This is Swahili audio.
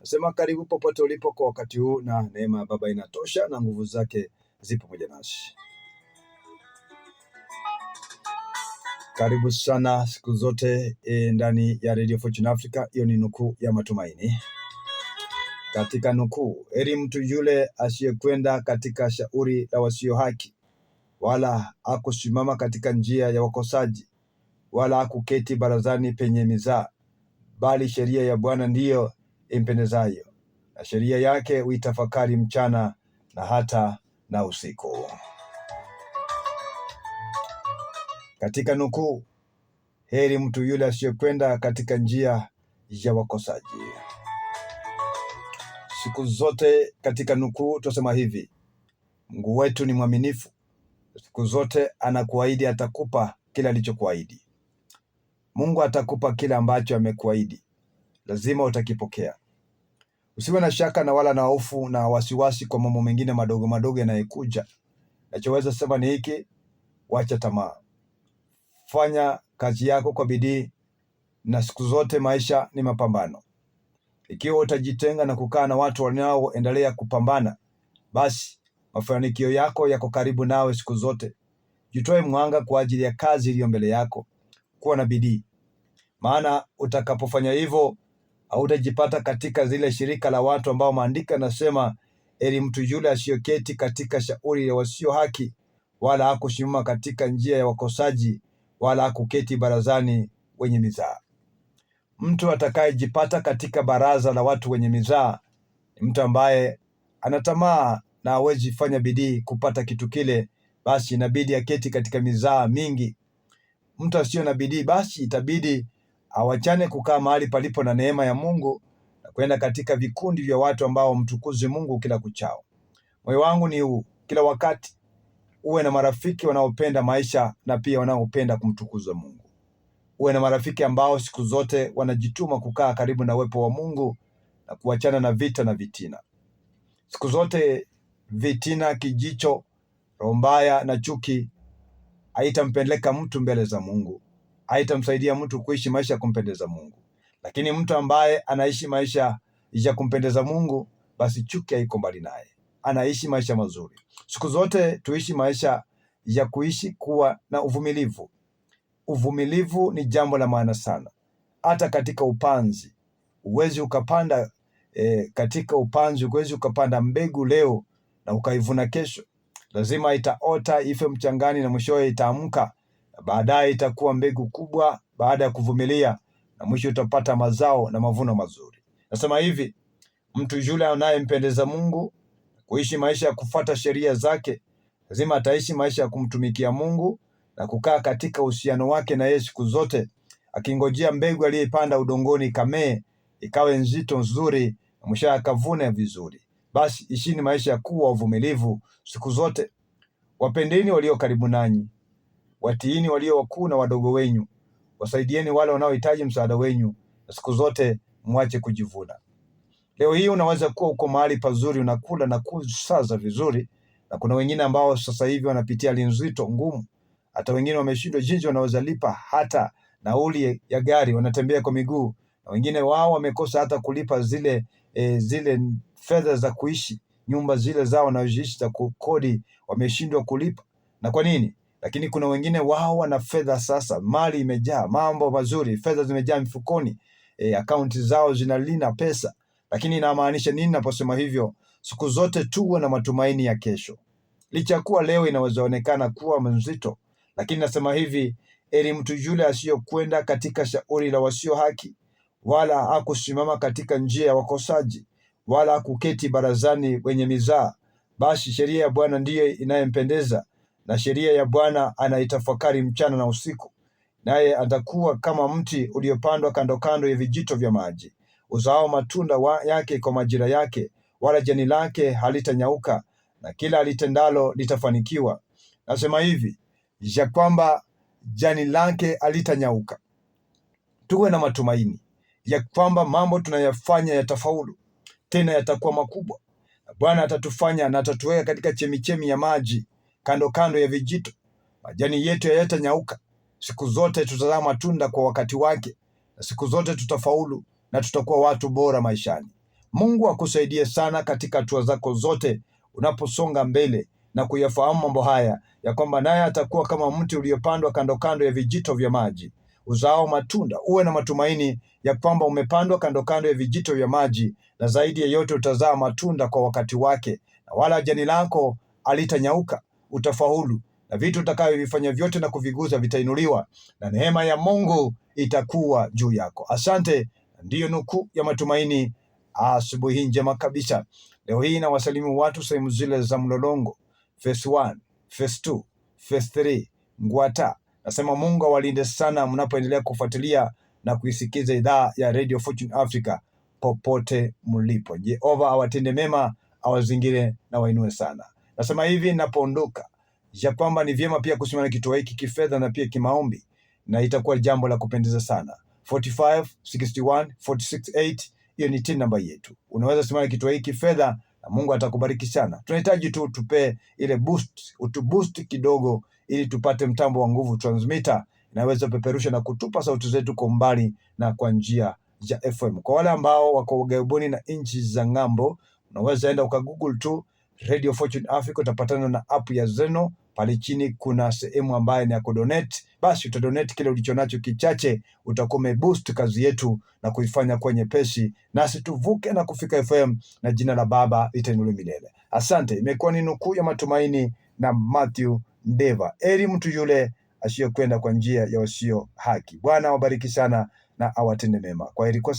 Nasema karibu popote ulipo kwa wakati huu, na neema ya Baba inatosha na nguvu zake zipo pamoja nasi. Karibu sana siku zote e, ndani ya Radio Fortune Africa. Hiyo ni nukuu ya matumaini. Katika nukuu, heri mtu yule asiyekwenda katika shauri la wasio haki, wala akusimama katika njia ya wakosaji, wala akuketi barazani penye mizaa, bali sheria ya Bwana ndiyo impendezayo, na sheria yake uitafakari mchana na hata na usiku. Katika nukuu, heri mtu yule asiyekwenda katika njia ya wakosaji. Siku zote katika nukuu tunasema hivi, Mungu wetu ni mwaminifu siku zote, anakuahidi atakupa kila alichokuahidi. Mungu atakupa kile ambacho amekuahidi lazima utakipokea. Usiwe na shaka na wala na hofu na wasiwasi kwa mambo mengine madogo madogo yanayokuja. Nachoweza sema ni hiki, wacha tamaa, fanya kazi yako kwa bidii, na siku zote maisha ni mapambano. Ikiwa utajitenga na kukaa na watu wanaoendelea kupambana, basi mafanikio yako yako karibu nawe siku zote. Jitoe mwanga kwa ajili ya kazi iliyo mbele yako, kuwa na bidii, maana utakapofanya hivyo hautajipata katika zile shirika la watu ambao maandiko yanasema eli mtu yule asiyoketi katika shauri ya wasio haki, wala hakusimama katika njia ya wakosaji, wala hakuketi barazani wenye mizaa. Mtu atakayejipata katika baraza la watu wenye mizaa ni mtu ambaye anatamaa na hawezi fanya bidii kupata kitu kile, basi inabidi aketi katika mizaa mingi. Mtu asiyo na bidii, basi itabidi awachane kukaa mahali palipo na neema ya Mungu na kwenda katika vikundi vya watu ambao mtukuzi Mungu kila kuchao. Moyo wangu ni huu, kila wakati uwe na marafiki wanaopenda maisha na pia wanaopenda kumtukuza Mungu. Uwe na marafiki ambao siku zote wanajituma kukaa karibu na uwepo wa Mungu na kuachana na vita na vitina. Siku zote vitina, kijicho, roho mbaya na chuki haitampeleka mtu mbele za Mungu haitamsaidia mtu kuishi maisha ya kumpendeza Mungu. Lakini mtu ambaye anaishi maisha ya kumpendeza Mungu, basi chuki haiko mbali naye, anaishi maisha mazuri. Siku zote tuishi maisha ya kuishi kuwa na uvumilivu. Uvumilivu ni jambo la maana sana, hata katika upanzi. Huwezi ukapanda e, katika upanzi huwezi ukapanda mbegu leo na ukaivuna kesho. Lazima itaota ife mchangani na mwishowe itaamka na baadaye itakuwa mbegu kubwa baada ya kuvumilia, na mwisho utapata mazao na mavuno mazuri. Nasema hivi, mtu yule anayempendeza Mungu kuishi maisha ya kufuata sheria zake, lazima ataishi maisha ya kumtumikia Mungu na kukaa katika uhusiano wake na yeye siku zote, akingojea mbegu aliyeipanda udongoni kamee, ikawe nzito nzuri, na mwisho akavune vizuri. Basi ishini maisha ya kuwa uvumilivu siku zote. Wapendeni walio karibu nanyi, Watiini walio wakuu na wadogo wenyu, wasaidieni wale wanaohitaji msaada wenyu, na siku zote mwache kujivuna. Leo hii unaweza kuwa uko mahali pazuri, unakula na kusaza vizuri, na kuna wengine ambao sasa hivi wanapitia hali nzito ngumu, hata wengine wameshindwa jinsi wanaweza lipa hata nauli ya gari, wanatembea kwa miguu, na wengine wao wamekosa hata kulipa zile e, zile fedha za kuishi, nyumba zile zao wanazoishi za kukodi, wameshindwa kulipa. Na kwa nini? Lakini kuna wengine wao wana fedha sasa, mali imejaa, mambo mazuri, fedha zimejaa mfukoni, e, akaunti zao zinalina pesa. Lakini inamaanisha nini naposema hivyo? Siku zote tuwe na matumaini ya kesho, licha ya kuwa leo inawezaonekana kuwa mzito, lakini nasema hivi, eli mtu yule asiyokwenda katika shauri la wasio haki, wala hakusimama katika njia ya wakosaji, wala hakuketi barazani wenye mizaa. Basi sheria ya Bwana ndiyo inayempendeza na sheria ya Bwana anaitafakari mchana na usiku, naye atakuwa kama mti uliopandwa kando kando ya vijito vya maji, uzao matunda wa yake kwa majira yake, wala jani lake halitanyauka, na kila alitendalo litafanikiwa. Nasema hivi ya kwamba jani lake halitanyauka. Tuwe na matumaini ya kwamba mambo tunayafanya yatafaulu, tena yatakuwa makubwa. Bwana atatufanya na atatuweka katika chemichemi ya maji kando kando ya vijito. Majani yetu hayatanyauka. Siku zote tutazaa matunda kwa wakati wake, na siku zote tutafaulu na tutakuwa watu bora maishani. Mungu akusaidie sana katika hatua zako zote unaposonga mbele na kuyafahamu mambo haya ya kwamba naye atakuwa kama mti uliopandwa kando kando ya vijito vya maji uzao matunda. Uwe na matumaini ya kwamba umepandwa kando kando ya vijito vya maji, na zaidi ya yote utazaa matunda kwa wakati wake, na wala jani lako alitanyauka utafaulu, na vitu utakavyovifanya vyote na kuviguza vitainuliwa, na neema ya Mungu itakuwa juu yako. Asante. Ndiyo nukuu ya matumaini. Asubuhi njema kabisa. Leo hii na wasalimu watu sehemu zile za Mlolongo, phase 1, phase 2, phase 3, Ngwata. Nasema Mungu awalinde sana mnapoendelea kufuatilia na kuisikiza idhaa ya Radio Fortune Africa popote mlipo. Jehova awatende mema, awazingire na wainue sana. Nasema hivi ninapoondoka, ya kwamba ni vyema pia kusimama na kituo hiki kifedha na pia kimaombi, na itakuwa jambo la kupendeza sana. 45 61 468 hiyo ni TIN namba yetu. Unaweza simama na kituo hiki fedha na Mungu atakubariki sana. Tunahitaji tu tupe ile boost, utu boost kidogo ili tupate mtambo wa nguvu transmitter inaweza peperusha na kutupa sauti zetu kwa mbali na kwa njia ya FM. Kwa wale ambao wako ughaibuni na nchi za ng'ambo, unaweza enda uka Google tu Radio Fortune Africa, utapatana na app ya Zeno pale chini kuna sehemu ambayo ni ya kudonate. Basi utadonate kile ulichonacho kichache, utakuwa umeboost kazi yetu na kuifanya kuwa nyepesi, nasi tuvuke na kufika FM na jina la Baba litainuliwa milele. Asante. Imekuwa ni nukuu ya matumaini na Matthew Ndeva. Eri mtu yule asiyokwenda kwa njia ya wasio haki. Bwana awabariki sana na awatende mema. heri kwa